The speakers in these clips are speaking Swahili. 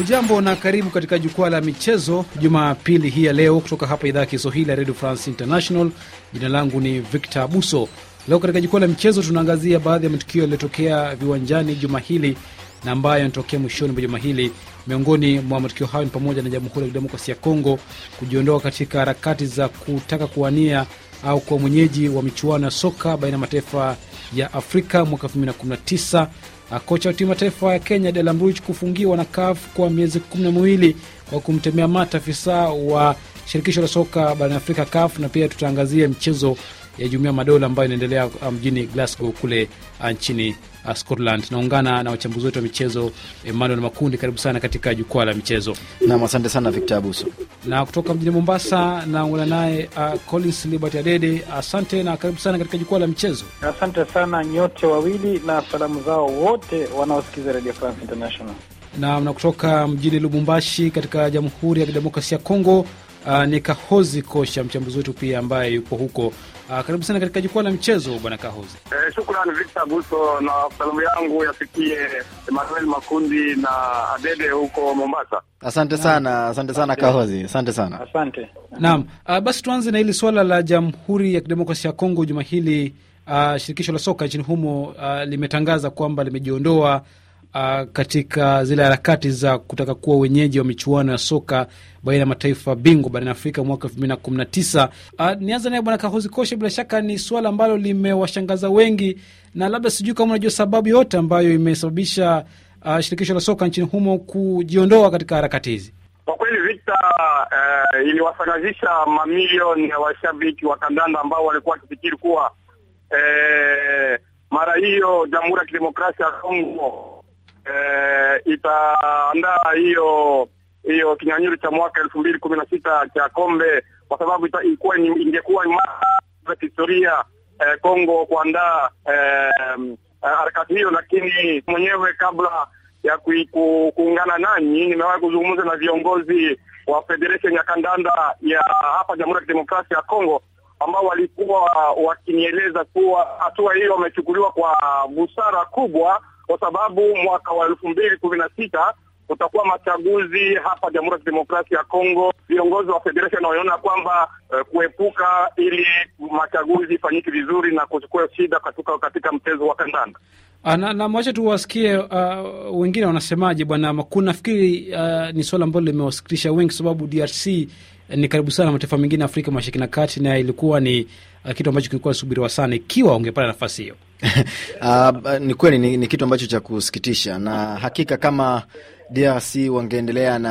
Ujambo na karibu katika jukwaa la michezo jumapili hii ya leo, kutoka hapa idhaa ya Kiswahili ya Radio France International. Jina langu ni Victor Abuso. Leo katika jukwaa la michezo tunaangazia baadhi ya matukio yaliyotokea viwanjani juma hili na ambayo yanatokea mwishoni mwa juma hili. Miongoni mwa matukio hayo ni pamoja na Jamhuri ya kidemokrasi ya Kongo kujiondoa katika harakati za kutaka kuwania au kuwa mwenyeji wa michuano ya soka baina ya mataifa ya Afrika mwaka 2019 Kocha wa timu ya taifa ya Kenya Delambuch kufungiwa na CAF kwa miezi kumi na miwili kwa kumtemea mata afisa wa shirikisho la soka barani Afrika CAF, na pia tutaangazia mchezo ya jumuia Madola ambayo inaendelea uh, mjini Glasgow kule uh, nchini uh, Scotland. Naungana na wachambuzi wetu wa michezo Emmanuel Makundi, karibu sana katika jukwaa la michezo. Nam, asante sana Victor Abuso. Na kutoka mjini Mombasa naungana naye uh, Collins Libert Adede, asante na karibu sana katika jukwaa la michezo. Asante sana nyote wawili na salamu zao wote wanaosikiza Radio France International. Nam, na kutoka mjini Lubumbashi katika Jamhuri ya Kidemokrasia ya Kongo uh, ni Kahozi Kosha, mchambuzi wetu pia ambaye yuko huko. Uh, karibu sana katika jukwaa la mchezo bwana Kahozi. Eh, shukrani Victor Buso, na salamu yangu yafikie Emmanuel Makundi na Adede huko Mombasa. Asante sana, asante sana Kahozi, asante sana, asante naam. Uh, basi tuanze na hili swala la Jamhuri ya Kidemokrasia ya Kongo. Juma hili uh, shirikisho la soka nchini humo uh, limetangaza kwamba limejiondoa uh, katika zile harakati za kutaka kuwa wenyeji wa michuano ya soka baina ya mataifa bingwa barani Afrika mwaka elfu mbili na kumi na tisa. Uh, ah, nianza naye bwana Kahozi Koshe, bila shaka ni suala ambalo limewashangaza wengi, na labda sijui kama unajua sababu yote ambayo imesababisha uh, shirikisho la soka nchini humo kujiondoa katika harakati hizi. Kwa kweli vita uh, eh, iliwasangazisha mamilioni ya washabiki wa kandanda ambao walikuwa wakifikiri kuwa uh, mara hiyo Jamhuri ya Kidemokrasia ya Kongo eh, itaandaa hiyo hiyo kinyanyuri cha mwaka elfu mbili kumi na sita cha kombe kwa sababu ilikuwa ingekuwa mara historia eh, Kongo kuandaa eh, harakati hiyo, lakini mwenyewe kabla ya kuungana nanyi nimewahi kuzungumza na viongozi wa Federation ya kandanda ya hapa Jamhuri ya Kidemokrasia ya Kongo ambao walikuwa wakinieleza kuwa hatua hiyo wamechukuliwa kwa busara kubwa kwa sababu mwaka wa elfu mbili kumi na sita kutakuwa machaguzi hapa Jamhuri ya Kidemokrasia ya Kongo. Viongozi wa federation wanaona kwamba uh, kuepuka ili machaguzi ifanyike vizuri na kuchukua shida katika, katika mchezo wa kandanda ah, na, na mwacha tu wasikie uh, ah, wengine wanasemaje bwana Makuu. Nafikiri uh, ni swala ambalo limewasikirisha wengi, sababu DRC ni karibu sana mataifa mengine Afrika Mashariki na Kati, na ilikuwa ni uh, kitu ambacho kilikuwa subiriwa sana ikiwa ungepata nafasi hiyo. Uh, ni kweli ni, ni kitu ambacho cha kusikitisha na hakika kama DRC wangeendelea na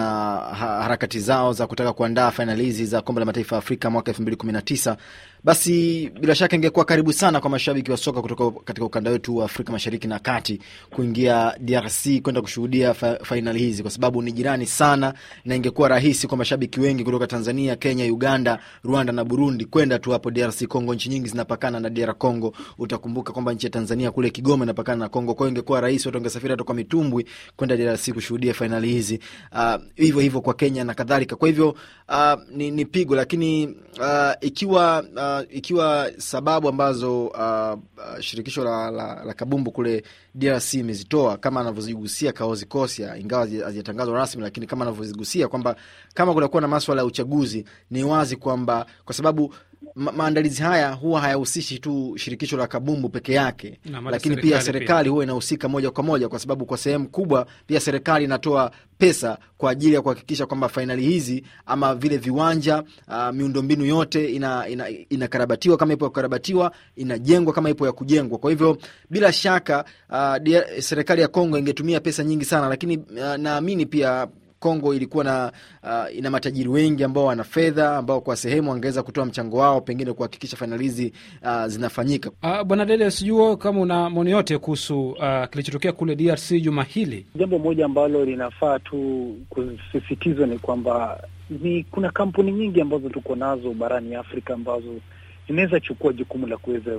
harakati zao za kutaka kuandaa fainali hizi za kombe la mataifa ya Afrika mwaka tisa basi bila shaka ingekuwa karibu sana kwa mashabiki wa soka kutoka katika ukanda wetu wa Afrika Mashariki na Kati kuingia DRC kwenda kushuhudia fa fainali hizi, kwa sababu ni jirani sana, na ingekuwa rahisi kwa mashabiki wengi kutoka Tanzania, Kenya, Uganda, Rwanda na Burundi kwenda tu hapo DRC Congo. Nchi nyingi zinapakana na DR Congo. Utakumbuka kwamba nchi ya Tanzania kule Kigoma inapakana na Congo, kwa hiyo ingekuwa rahisi, watu wangesafiri hata kwa mitumbwi kwenda DRC kushuhudia fainali hizi. Uh, hivyo hivyo kwa Kenya na kadhalika. Kwa hivyo uh, ni, ni pigo, lakini uh, ikiwa uh, uh, ikiwa sababu ambazo uh, uh, shirikisho la, la, la kabumbu kule DRC imezitoa kama anavyozigusia Kaozi Kosia, ingawa hazijatangazwa rasmi, lakini kama anavyozigusia kwamba kama kunakuwa na maswala ya uchaguzi, ni wazi kwamba kwa sababu ma maandalizi haya huwa hayahusishi tu shirikisho la kabumbu peke yake, lakini pia serikali huwa inahusika moja kwa moja, kwa sababu kwa sehemu kubwa pia serikali inatoa pesa kwa ajili ya kuhakikisha kwamba fainali hizi ama vile viwanja uh, miundombinu yote inakarabatiwa ina, ina kama ipo ya kukarabatiwa, inajengwa kama ipo ya kujengwa. Kwa hivyo bila shaka uh, serikali ya Kongo ingetumia pesa nyingi sana, lakini uh, naamini pia Kongo ilikuwa na uh, ina matajiri wengi ambao wana fedha ambao kwa sehemu wangeweza kutoa mchango wao pengine kuhakikisha fainali hizi uh, zinafanyika. Uh, Bwana Dede, sijuo kama una maoni yote kuhusu uh, kilichotokea kule DRC juma hili. Jambo moja ambalo linafaa tu kusisitizwa ni kwamba ni kuna kampuni nyingi ambazo tuko nazo barani Afrika ambazo inaweza chukua jukumu la kuweza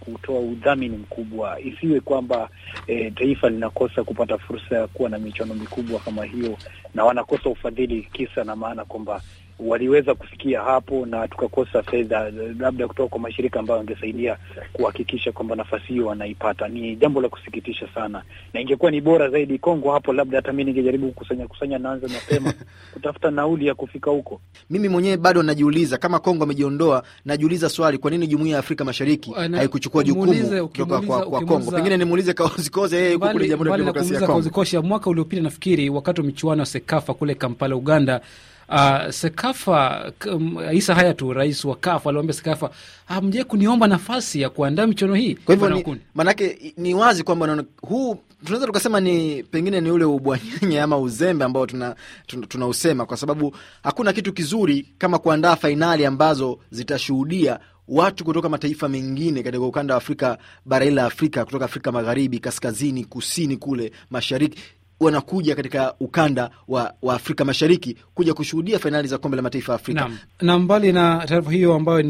kutoa udhamini mkubwa, isiwe kwamba e, taifa linakosa kupata fursa ya kuwa na michuano mikubwa kama hiyo, na wanakosa ufadhili kisa na maana kwamba waliweza kufikia hapo na tukakosa fedha labda kutoka kwa mashirika ambayo angesaidia kuhakikisha kwamba nafasi hiyo wanaipata. Ni jambo la kusikitisha sana, na ingekuwa ni bora zaidi Kongo hapo, labda hata mi ningejaribu kukusanya kusanya, naanza mapema kutafuta nauli ya kufika huko. Mimi mwenyewe bado najiuliza kama Kongo amejiondoa, najiuliza swali, kwa nini jumuia ya Afrika Mashariki haikuchukua jukumu kutoka kwa, kwa Kongo? Pengine nimuulize Kaozikoze, yeye yuko kule Jamhuri ya Demokrasia ya Kongo. Kaozikosha, mwaka uliopita nafikiri, wakati wa michuano ya Sekafa kule Kampala, Uganda Uh, Sekafa Isa Hayatu, rais wa KAFU aliwaambia Sekafa, hamjai ah, kuniomba nafasi ya kuandaa michuano hii. Kwa hivyo maanake ni wazi kwamba huu tunaweza tukasema ni pengine ni ule ubwanyenye ama uzembe ambao tunausema tuna, tuna kwa sababu hakuna kitu kizuri kama kuandaa fainali ambazo zitashuhudia watu kutoka mataifa mengine katika ukanda wa Afrika, bara hili la Afrika, kutoka Afrika Magharibi, kaskazini, kusini, kule mashariki wanakuja katika ukanda wa, wa Afrika Mashariki kuja kushuhudia fainali za kombe la mataifa ya Afrika. Na mbali na taarifa hiyo ambayo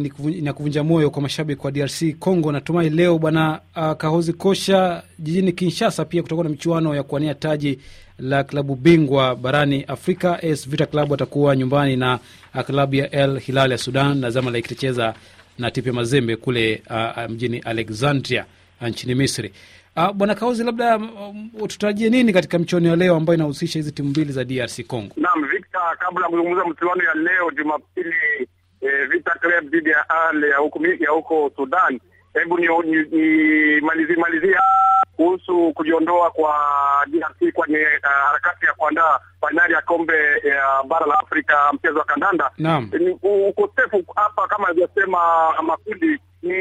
kuvunja moyo kwa mashabiki wa DRC Congo, natumai leo bwana uh, Kahozi Kosha jijini Kinshasa pia kutakuwa na michuano ya kuwania taji la klabu bingwa barani Afrika. AS Vita Club atakuwa nyumbani na uh, klabu ya El Hilal ya Sudan na Zamalek itacheza na TP Mazembe kule uh, uh mjini Alexandria uh, nchini Misri. Ah, Bwana Kauzi, labda um, tutarajie nini katika mchuano ya leo ambayo inahusisha hizi timu mbili za DRC Congo? Naam, Victor, kabla ya kuzungumza mchuano ya leo Jumapili eh, Vita Club dhidi ya Al ya huko ya huko Sudan, hebu ni, ni, ni malizi malizia kuhusu kujiondoa kwa DRC kwenye uh, harakati ya kuandaa fainali ya kombe ya uh, bara la Afrika mchezo wa kandanda. Naam, ukosefu hapa kama alivyosema makundi ni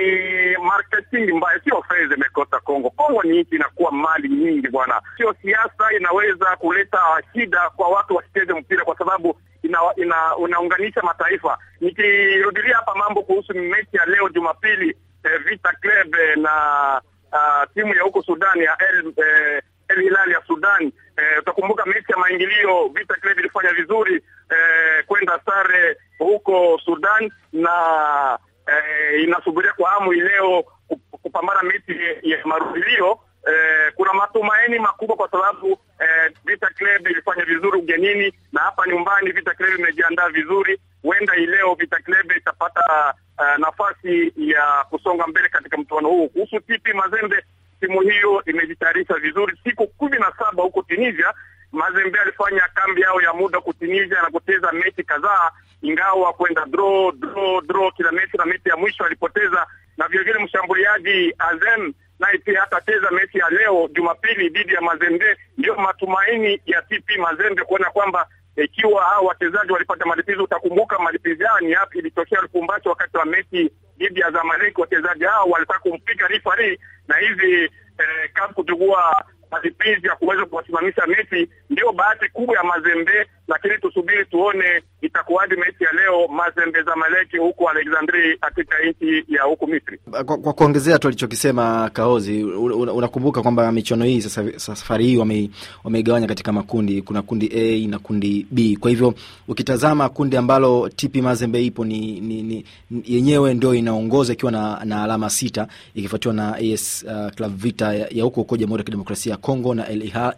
marketing mbaya, sio fedha imekosa Kongo. Kongo ni nchi inakuwa mali nyingi bwana, sio siasa inaweza kuleta shida kwa watu wasicheze mpira kwa sababu ina, ina, unaunganisha mataifa. Nikirudilia hapa mambo kuhusu mechi ya leo Jumapili, eh, Vita Club eh, na uh, timu ya huko Sudan ya El, eh, El Hilal ya Sudan eh, utakumbuka mechi ya maingilio Vita Club ilifanya vizuri eh, kwenda sare huko Sudan na eh, inasubiria kwa hamu ileo kupambana mechi ya marudilio. Eh, kuna matumaini makubwa kwa sababu eh, Vita Club ilifanya vizuri ugenini na hapa nyumbani Vita Club imejiandaa vizuri. Huenda ileo Vita Club itapata uh, nafasi ya kusonga mbele katika mchuano huu. Kuhusu TP Mazembe, timu hiyo imejitayarisha vizuri. Siku kumi na saba huko Tunisia Mazembe alifanya kambi yao ya muda kutimiza na kupoteza mechi kadhaa, ingawa kwenda draw draw draw kila mechi, na mechi ya mwisho alipoteza. Na vilevile mshambuliaji Azem naye pia hatacheza mechi ya leo Jumapili dhidi ya Mazembe. ndio matumaini ya TP Mazembe kuona kwamba ikiwa hao wachezaji walipata malipizo. Utakumbuka ni yapi? ilitokea Lubumbashi wakati wa mechi dhidi ya Zamalek, wachezaji hao walitaka kumpiga rifari na hivi eh, kafu kuchukua na ya kuweza kuwasimamisha mechi, ndio bahati kubwa ya Mazembe lakini tusubiri tuone itakuwaje mechi ya leo Mazembe Zamaleki huku Alexandria katika nchi ya huku Misri. Kwa, kwa kuongezea tu alichokisema Kaozi, unakumbuka kwamba michuano hii sasa safari hii wame, wameigawanya katika makundi, kuna kundi A na kundi B. Kwa hivyo ukitazama kundi ambalo TP Mazembe ipo ni, ni, ni yenyewe ndio inaongoza ikiwa na, na alama sita ikifuatiwa na AS uh, Club Vita ya huko huko Jamhuri ya Kidemokrasia ya Kongo na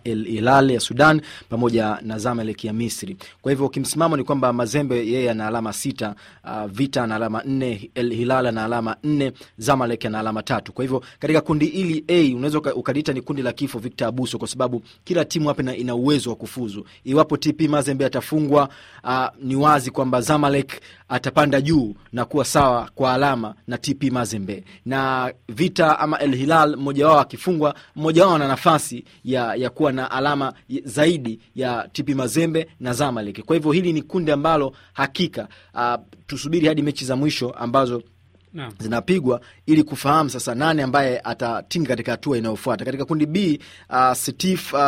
El Hilal ya Sudan pamoja na Zamalek ya Misri. Misri. Kwa hivyo kimsimamo ni kwamba Mazembe yeye ana alama sita, uh, Vita ana alama nne, El Hilal ana alama nne, Zamalek ana alama tatu. Kwa hivyo katika kundi hili A unaweza ukaliita ni kundi la kifo, Victor Abuso, kwa sababu kila timu hapa ina uwezo wa kufuzu. Iwapo TP Mazembe atafungwa, uh, ni wazi kwamba Zamalek atapanda juu na kuwa sawa kwa alama na TP Mazembe na Vita ama El Hilal, mmoja wao akifungwa, mmoja wao ana nafasi ya, ya kuwa na alama zaidi ya TP Mazembe na Zamalek. Kwa hivyo hili ni kundi ambalo hakika uh, tusubiri hadi mechi za mwisho ambazo No. zinapigwa ili kufahamu sasa nani ambaye atatinga katika hatua inayofuata. Katika kundi B uh, Setif uh, uh,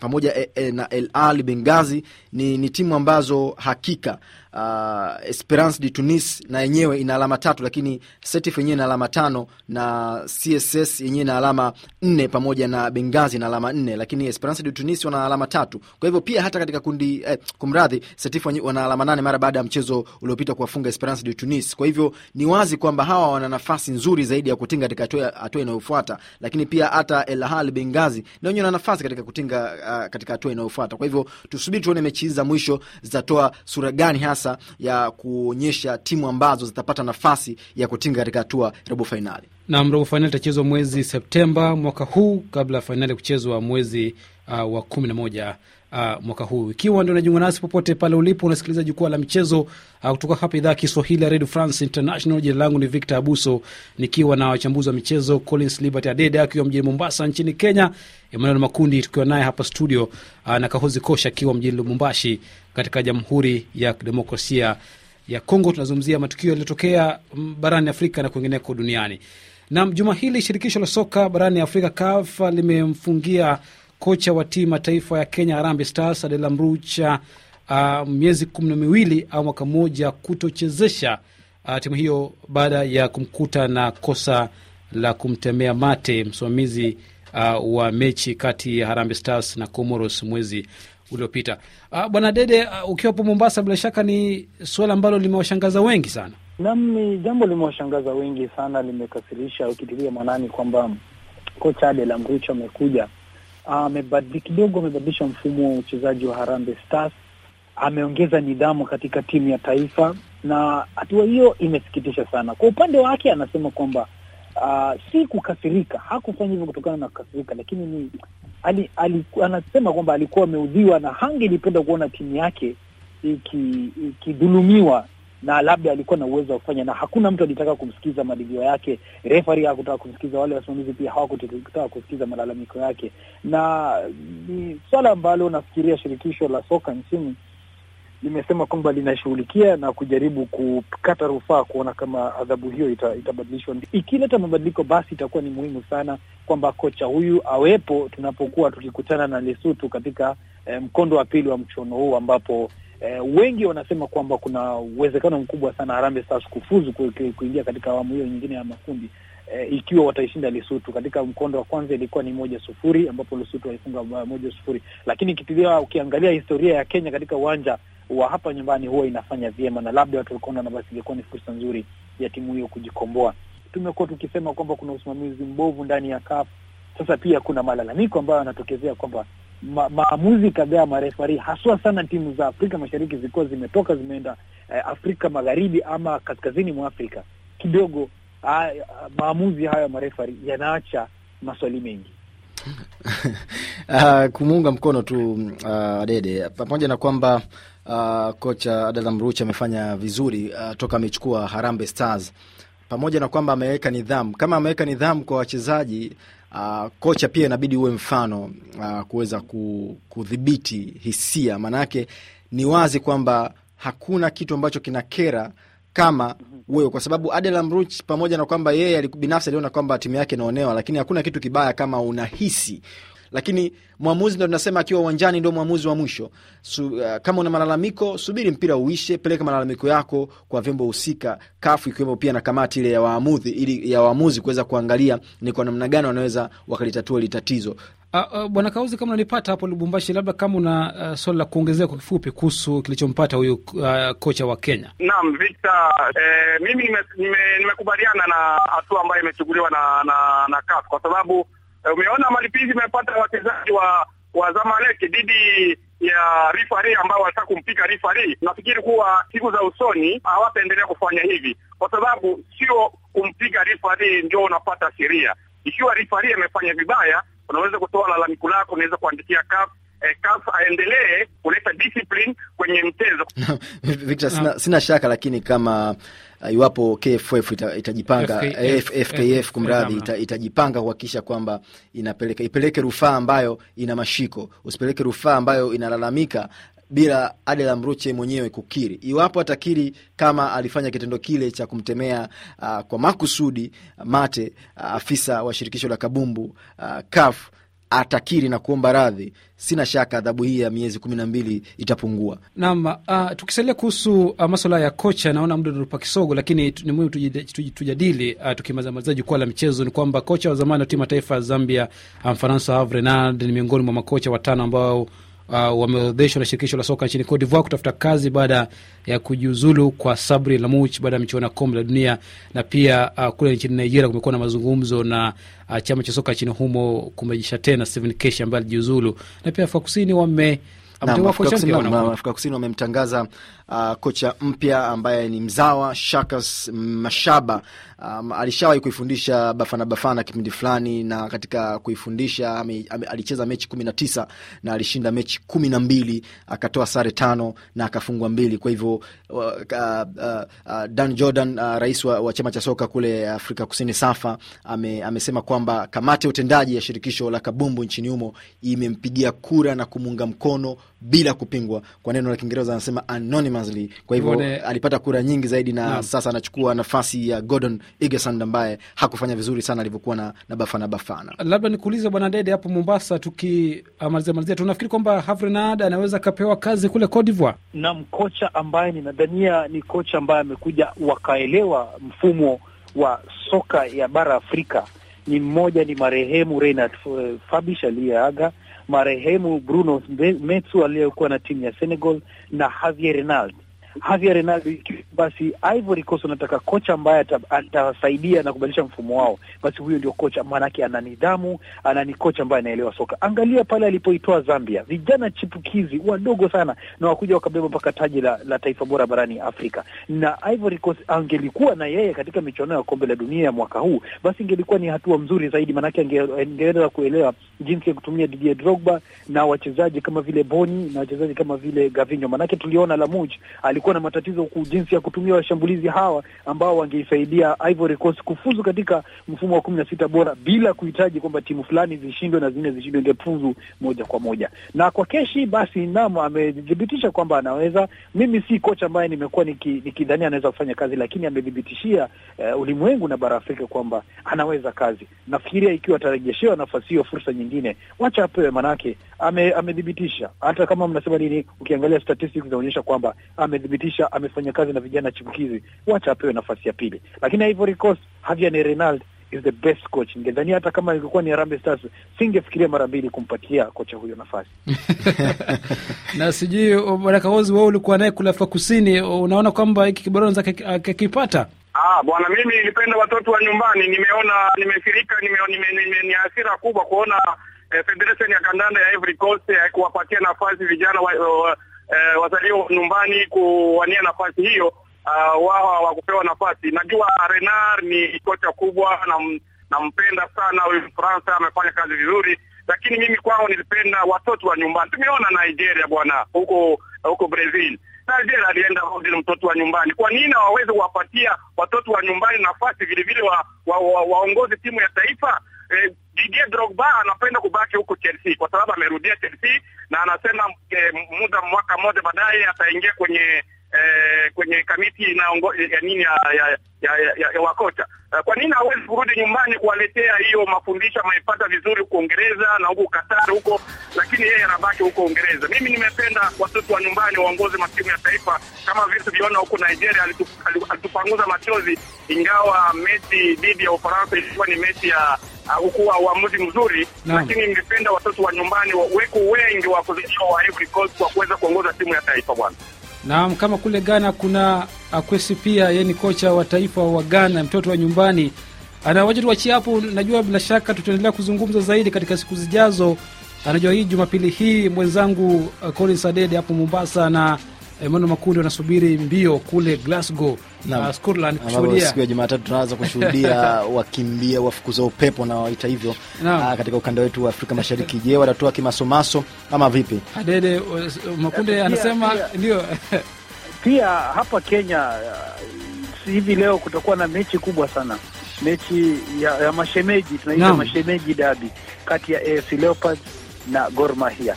pamoja e, e, na El Ahly Benghazi ni, ni timu ambazo hakika uh, Esperance de Tunis na yenyewe ina alama tatu, lakini Setif yenyewe ina alama tano na CSS yenyewe ina alama nne pamoja na Bengazi na alama nne, lakini Esperance de Tunis wana alama tatu. Kwa hivyo pia hata katika kundi eh, kumradhi, Setif wana alama nane mara baada ya mchezo uliopita kuwafunga Esperance de Tunis. Kwa hivyo ni wazi kwamba hawa wana nafasi nzuri zaidi ya kutinga katika hatua inayofuata, lakini pia hata El Ahly Bengazi na wenyewe wana nafasi katika kutinga uh, katika hatua inayofuata. Kwa hivyo tusubiri tuone mechi hizi za mwisho zitatoa sura gani hasa fursa ya kuonyesha timu ambazo zitapata nafasi ya kutinga katika hatua robo fainali. Nam, robo fainali itachezwa mwezi Septemba mwaka huu kabla ya fainali kuchezwa mwezi uh, wa kumi na moja Uh, mwaka huu. Ikiwa ndio unajiunga nasi popote pale ulipo, unasikiliza jukwaa la michezo uh, kutoka hapa idhaa ya Kiswahili ya Radio France International. Jina langu ni Victor Abuso, nikiwa na wachambuzi wa michezo Collins Liberty Adede akiwa mjini Mombasa nchini Kenya, Emmanuel Makundi tukiwa naye hapa studio uh, na Kahozi Kosha akiwa mjini Lubumbashi katika Jamhuri ya Kidemokrasia ya Kongo. Tunazungumzia matukio yaliyotokea barani Afrika na kwingineko duniani. Nam, juma hili shirikisho la soka barani Afrika CAF limemfungia kocha wa timu ya taifa ya Kenya Harambee Stars Adela Mrucha uh, miezi kumi na miwili au mwaka mmoja kutochezesha uh, timu hiyo baada ya kumkuta na kosa la kumtemea mate msimamizi uh, wa mechi kati ya Harambee Stars na Comoros mwezi uliopita. Ah, Bwana Dede, ah, ukiwapo Mombasa, bila shaka ni suala ambalo limewashangaza wengi sana. Naam, ni jambo limewashangaza wengi sana, limekasirisha, ukitilia maanani kwamba kocha Ade Lamricho amekuja amebadili kidogo, amebadilisha mfumo wa uchezaji wa Harambee Stars, ameongeza nidhamu katika timu ya taifa, na hatua hiyo imesikitisha sana. Kwa upande wake, anasema kwamba uh, si kukasirika, hakufanya hivyo kutokana na kukasirika, lakini ni ali, ali, anasema kwamba alikuwa ameudhiwa na hangelipenda kuona timu yake ikidhulumiwa iki na labda alikuwa na uwezo wa kufanya, na hakuna mtu alitaka kumsikiza malilio yake. Refari hakutaka kumsikiza, wale wasimamizi pia hawakutaka kusikiza malalamiko yake, na ni swala ambalo nafikiria shirikisho la soka nchini limesema kwamba linashughulikia na kujaribu kukata rufaa kuona kama adhabu hiyo ita, itabadilishwa. Ikileta mabadiliko, basi itakuwa ni muhimu sana kwamba kocha huyu awepo tunapokuwa tukikutana na lesutu katika eh, mkondo wa pili wa mchuano huu ambapo eh, wengi wanasema kwamba kuna uwezekano mkubwa sana Harambee Stars kufuzu kuingia katika awamu hiyo nyingine ya makundi eh, ikiwa wataishinda Lesotho. Katika mkondo wa kwanza ilikuwa ni moja sufuri ambapo Lesotho walifunga moja sufuri, lakini kitilia, ukiangalia historia ya Kenya katika uwanja wa hapa nyumbani huwa inafanya vyema, na labda watu walikuwa na basi, ni fursa nzuri ya timu hiyo kujikomboa. Tumekuwa tukisema kwamba kuna usimamizi mbovu ndani ya CAF. Sasa pia kuna malalamiko ambayo yanatokezea kwamba ma, maamuzi kadhaa marefari haswa sana timu za Afrika Mashariki zilikuwa zimetoka zimeenda eh, Afrika Magharibi ama kaskazini mwa Afrika kidogo maamuzi hayo ya marefari yanaacha maswali mengi. Uh, kumuunga mkono tu uh, Adede pamoja na kwamba uh, kocha Adela Ruch amefanya vizuri uh, toka amechukua Harambee Stars, pamoja na kwamba ameweka nidhamu. Kama ameweka nidhamu kwa wachezaji uh, kocha pia inabidi uwe mfano uh, kuweza kudhibiti hisia, maanake ni wazi kwamba hakuna kitu ambacho kinakera kama mhm. wewe, kwa sababu Adel Amruch pamoja na kwamba yeye binafsi aliona kwamba timu yake inaonewa, lakini hakuna kitu kibaya kama unahisi lakini mwamuzi ndo tunasema akiwa uwanjani ndo mwamuzi wa mwisho. Su, uh, kama una malalamiko subiri mpira uishe, peleka malalamiko yako kwa vyombo husika kafu, ikiwemo pia na kamati ile ya waamuzi, ili ya waamuzi kuweza kuangalia ni kwa namna gani wanaweza wakalitatua hili tatizo. Uh, uh, Bwana Kauzi, kama unanipata hapo Lubumbashi, labda kama una uh, swali la kuongezea kwa kifupi kuhusu kilichompata huyu uh, kocha wa Kenya. Naam, Victor, eh, mimi nimekubaliana nime, nime na hatua ambayo imechukuliwa na, na, na CAF kwa sababu eh, umeona malipizi imepata wachezaji wa, wa Zamalek dhidi ya rifari ambao wanataka kumpiga rifari. Nafikiri kuwa siku za usoni hawataendelea kufanya hivi, kwa sababu sio kumpiga rifari ndio unapata sheria. Ikiwa rifari amefanya vibaya unaweza kutoa lalamiko lako, unaweza kuandikia CAF eh, aendelee kuleta discipline kwenye mchezo Victor, sina, sina shaka lakini kama uh, iwapo KFF ita, itajipanga FKF eh, kumradhi, eh, ita, itajipanga kuhakikisha kwamba inapeleka ipeleke rufaa ambayo ina mashiko, usipeleke rufaa ambayo inalalamika bila Adela Mruche mwenyewe kukiri. Iwapo atakiri kama alifanya kitendo kile cha kumtemea uh, kwa makusudi mate uh, afisa wa shirikisho la kabumbu uh, ah, kaf atakiri na kuomba radhi, sina shaka adhabu hii ya miezi kumi na mbili itapungua. Naam. Uh, tukisalia kuhusu uh, maswala ya kocha, naona muda unatupa kisogo, lakini ni muhimu tujadili uh, tukimaliza jukwaa la michezo, ni kwamba kocha wa zamani wa timu ya taifa ya Zambia Mfaransa Herve Renard ni miongoni mwa makocha watano ambao uh, na shirikisho la soka nchini Cote d'Ivoire kutafuta kazi baada ya kujiuzulu kwa Sabri Lamuch baada ya michuano ya kombe la dunia. Na pia uh, kule nchini Nigeria kumekuwa na mazungumzo na uh, chama cha soka nchini humo kumejisha tena Stephen Keshi ambaye alijiuzulu, na pia Afrika Kusini wame Afrika Kusini wamemtangaza uh, kocha mpya ambaye ni mzawa Shakas Mashaba. Um, alishawahi kuifundisha Bafana Bafana kipindi fulani, na katika kuifundisha ame, ame, alicheza mechi kumi na tisa na alishinda mechi kumi na mbili akatoa sare tano na akafungwa mbili. Kwa hivyo uh, uh, uh, Dan Jordan uh, rais wa, wa chama cha soka kule Afrika Kusini SAFA ame, amesema kwamba kamati ya utendaji ya shirikisho la kabumbu nchini humo imempigia kura na kumuunga mkono bila kupingwa, kwa neno la Kiingereza anasema anonymously. Kwa hivyo alipata kura nyingi zaidi na yeah. Sasa anachukua nafasi ya Gordon Igesand ambaye hakufanya vizuri sana alivyokuwa na, na Bafana Bafana. Labda nikuulize Bwana Dede hapo Mombasa, tukimalizia malizia, tunafikiri kwamba Havrenard anaweza akapewa kazi kule Cote d'Ivoire? Naam, kocha ambaye ninadhania ni kocha ambaye amekuja wakaelewa mfumo wa soka ya bara Afrika ni mmoja, ni marehemu Reinhard Fabish aliyeaga marehemu Bruno Metsu aliyekuwa na timu ya Senegal na Javier renald Javier Renaldo, basi Ivory Coast wanataka kocha ambaye atawasaidia na kubadilisha mfumo wao, basi huyo ndio kocha, maanake ana nidhamu, ana ni kocha ambaye anaelewa soka. Angalia pale alipoitoa Zambia, vijana chipukizi wadogo sana, na wakuja wakabeba mpaka taji la, la taifa bora barani Afrika. Na Ivory Coast angelikuwa na yeye katika michuano ya kombe la dunia ya mwaka huu, basi ingelikuwa ni hatua mzuri zaidi, maanake angeweza kuelewa jinsi ya kutumia Didier Drogba na wachezaji kama vile Boni na wachezaji kama vile Gavinho, maanake tuliona Lamuj alikuwa kulikuwa na matatizo ku jinsi ya kutumia washambulizi hawa ambao wangeisaidia Ivory Coast kufuzu katika mfumo wa kumi na sita bora bila kuhitaji kwamba timu fulani zishindwe na zingine zishindwe, ingefuzu moja kwa moja. Na kwa Keshi basi nam amethibitisha kwamba anaweza. Mimi si kocha ambaye nimekuwa nikidhania niki anaweza kufanya kazi, lakini amethibitishia uh, ulimwengu na bara Afrika kwamba anaweza kazi. Nafikiria ikiwa atarejeshewa nafasi hiyo, fursa nyingine, wacha apewe, manake amethibitisha ame hata kama mnasema nini, ukiangalia statistics zinaonyesha kwamba ame kuthibitisha amefanya kazi na vijana chipukizi, wacha apewe nafasi ya pili. Lakini Ivory Coast, Javier renald is the best coach. Ningedhania hata kama ilikuwa ni arambe Stars, singefikiria mara mbili kumpatia kocha huyo nafasi. na sijui Baraka wao ulikuwa naye kule Afrika Kusini, unaona kwamba hiki kibaronza akakipata? Ah, bwana, mimi nilipenda watoto wa nyumbani, nimeona nimefirika, nime nime, nime, ni hasira kubwa kuona eh, Federation ya kandanda ya Ivory Coast haikuwapatia eh, nafasi vijana wa, uh, eh, wazalio nyumbani kuwania nafasi hiyo, uh, wao hawakupewa nafasi. Najua Renard ni kocha kubwa na nampenda sana huyu Mfaransa, amefanya kazi vizuri, lakini mimi kwangu nilipenda watoto wa nyumbani. Tumeona Nigeria bwana, huko huko Brazil Nigeria alienda hodi na mtoto wa nyumbani. Kwa nini waweze kuwapatia watoto wa nyumbani nafasi vile vile wa, wa, wa, waongoze timu ya taifa? eh, Didier Drogba anapenda kubaki huko Chelsea kwa sababu amerudia Chelsea na anasema e, muda mwaka mmoja baadaye ataingia kwenye eh, kwenye kamiti inaongo, ya nini ya, ya, ya, ya, ya wakota. Eh, kwa nini hawezi kurudi nyumbani kuwaletea hiyo mafundisho amepata vizuri huko Uingereza na huko Katari huko, lakini yeye anabaki huko Uingereza. Mimi nimependa watoto wa nyumbani waongoze matimu ya taifa kama vile tuliona huko Nigeria, alitupanguza machozi, ingawa mechi dhidi ya Ufaransa ilikuwa ni mechi ya uh, hukuwa uamuzi mzuri no. Lakini ningependa watoto wa nyumbani weko wengi wa kuzidi wa Ivory Coast kwa kuweza kuongoza timu ya taifa bwana nam kama kule Ghana kuna Akwesi pia, yeni ni kocha wa taifa wa Ghana, mtoto wa nyumbani anawacha tuachie hapo. Najua bila shaka tutaendelea kuzungumza zaidi katika siku zijazo. Anajua hii Jumapili hii mwenzangu uh, colin sadede hapo Mombasa na Emmanuel Makundi wanasubiri mbio kule Glasgow na uh, Scotland kushuhudia siku ya Jumatatu. Tunaweza kushuhudia wakimbia wafukuza upepo na waita hivyo ah, katika ukanda wetu wa Afrika Mashariki. Je, watatoa kimasomaso ama vipi? Adede uh, Makunde anasema ndio. Pia hapa Kenya uh, hivi leo kutakuwa na mechi kubwa sana, mechi ya, ya mashemeji tunaita mashemeji dabi kati ya AFC Leopards na Gor Mahia.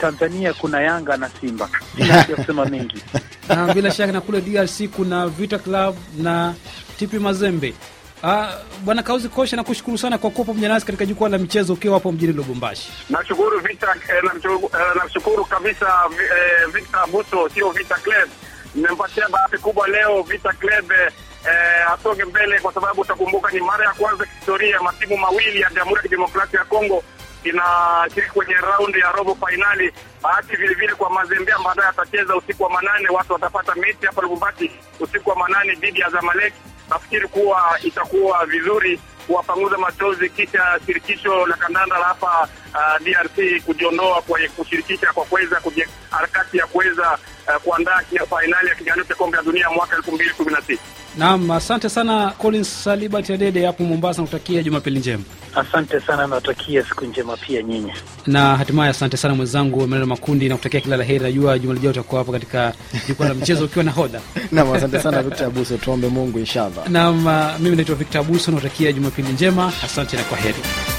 Tanzania kuna Yanga na Simba, sina kusema mengi na bila shaka na kule DRC kuna Vita Club na Tipi Mazembe. Ah, Bwana Kauzi Kosha, nakushukuru sana kwa kuwa pamoja nasi katika jukwaa la michezo ukiwa hapo mjini Lubumbashi. Nashukuru Vita eh, nashukuru eh, kabisa eh, Victor Buso, sio Vita Club. Nimempatia bahati kubwa leo Vita Club eh, asonge mbele, kwa sababu utakumbuka ni mara ya kwanza kihistoria matimu mawili ya Jamhuri ya Kidemokrasia ya Kongo inashiriki kwenye raundi ya robo fainali. Bahati vilevile kwa Mazembe baadaye atacheza usiku wa manane, watu watapata mechi hapa Lubumbashi usiku wa manane dhidi ya Zamalek. Nafikiri kuwa itakuwa vizuri kuwapanguza machozi kisha shirikisho la kandanda la hapa uh, ah, DRC kujiondoa kwa kushirikisha kwa kuweza harakati ya kuweza Eh, kuandaa kia fainali ya kinyang'anyiro cha kombe la dunia mwaka elfu mbili kumi na sita. Naam, asante sana Colin Salibat Adede hapo Mombasa, nakutakia Jumapili njema. Asante sana, nawatakia siku njema pia nyinyi. Na hatimaye asante sana mwenzangu Emanuel Makundi, nakutakia kila la heri. Najua juma lijao utakuwa hapo katika jukwaa la mchezo ukiwa na hodha. Naam, asante sana Victor Abuso, tuombe Mungu inshallah. Naam, ah, mimi naitwa Victor Abuso, nakutakia Jumapili njema, asante na kwa heri.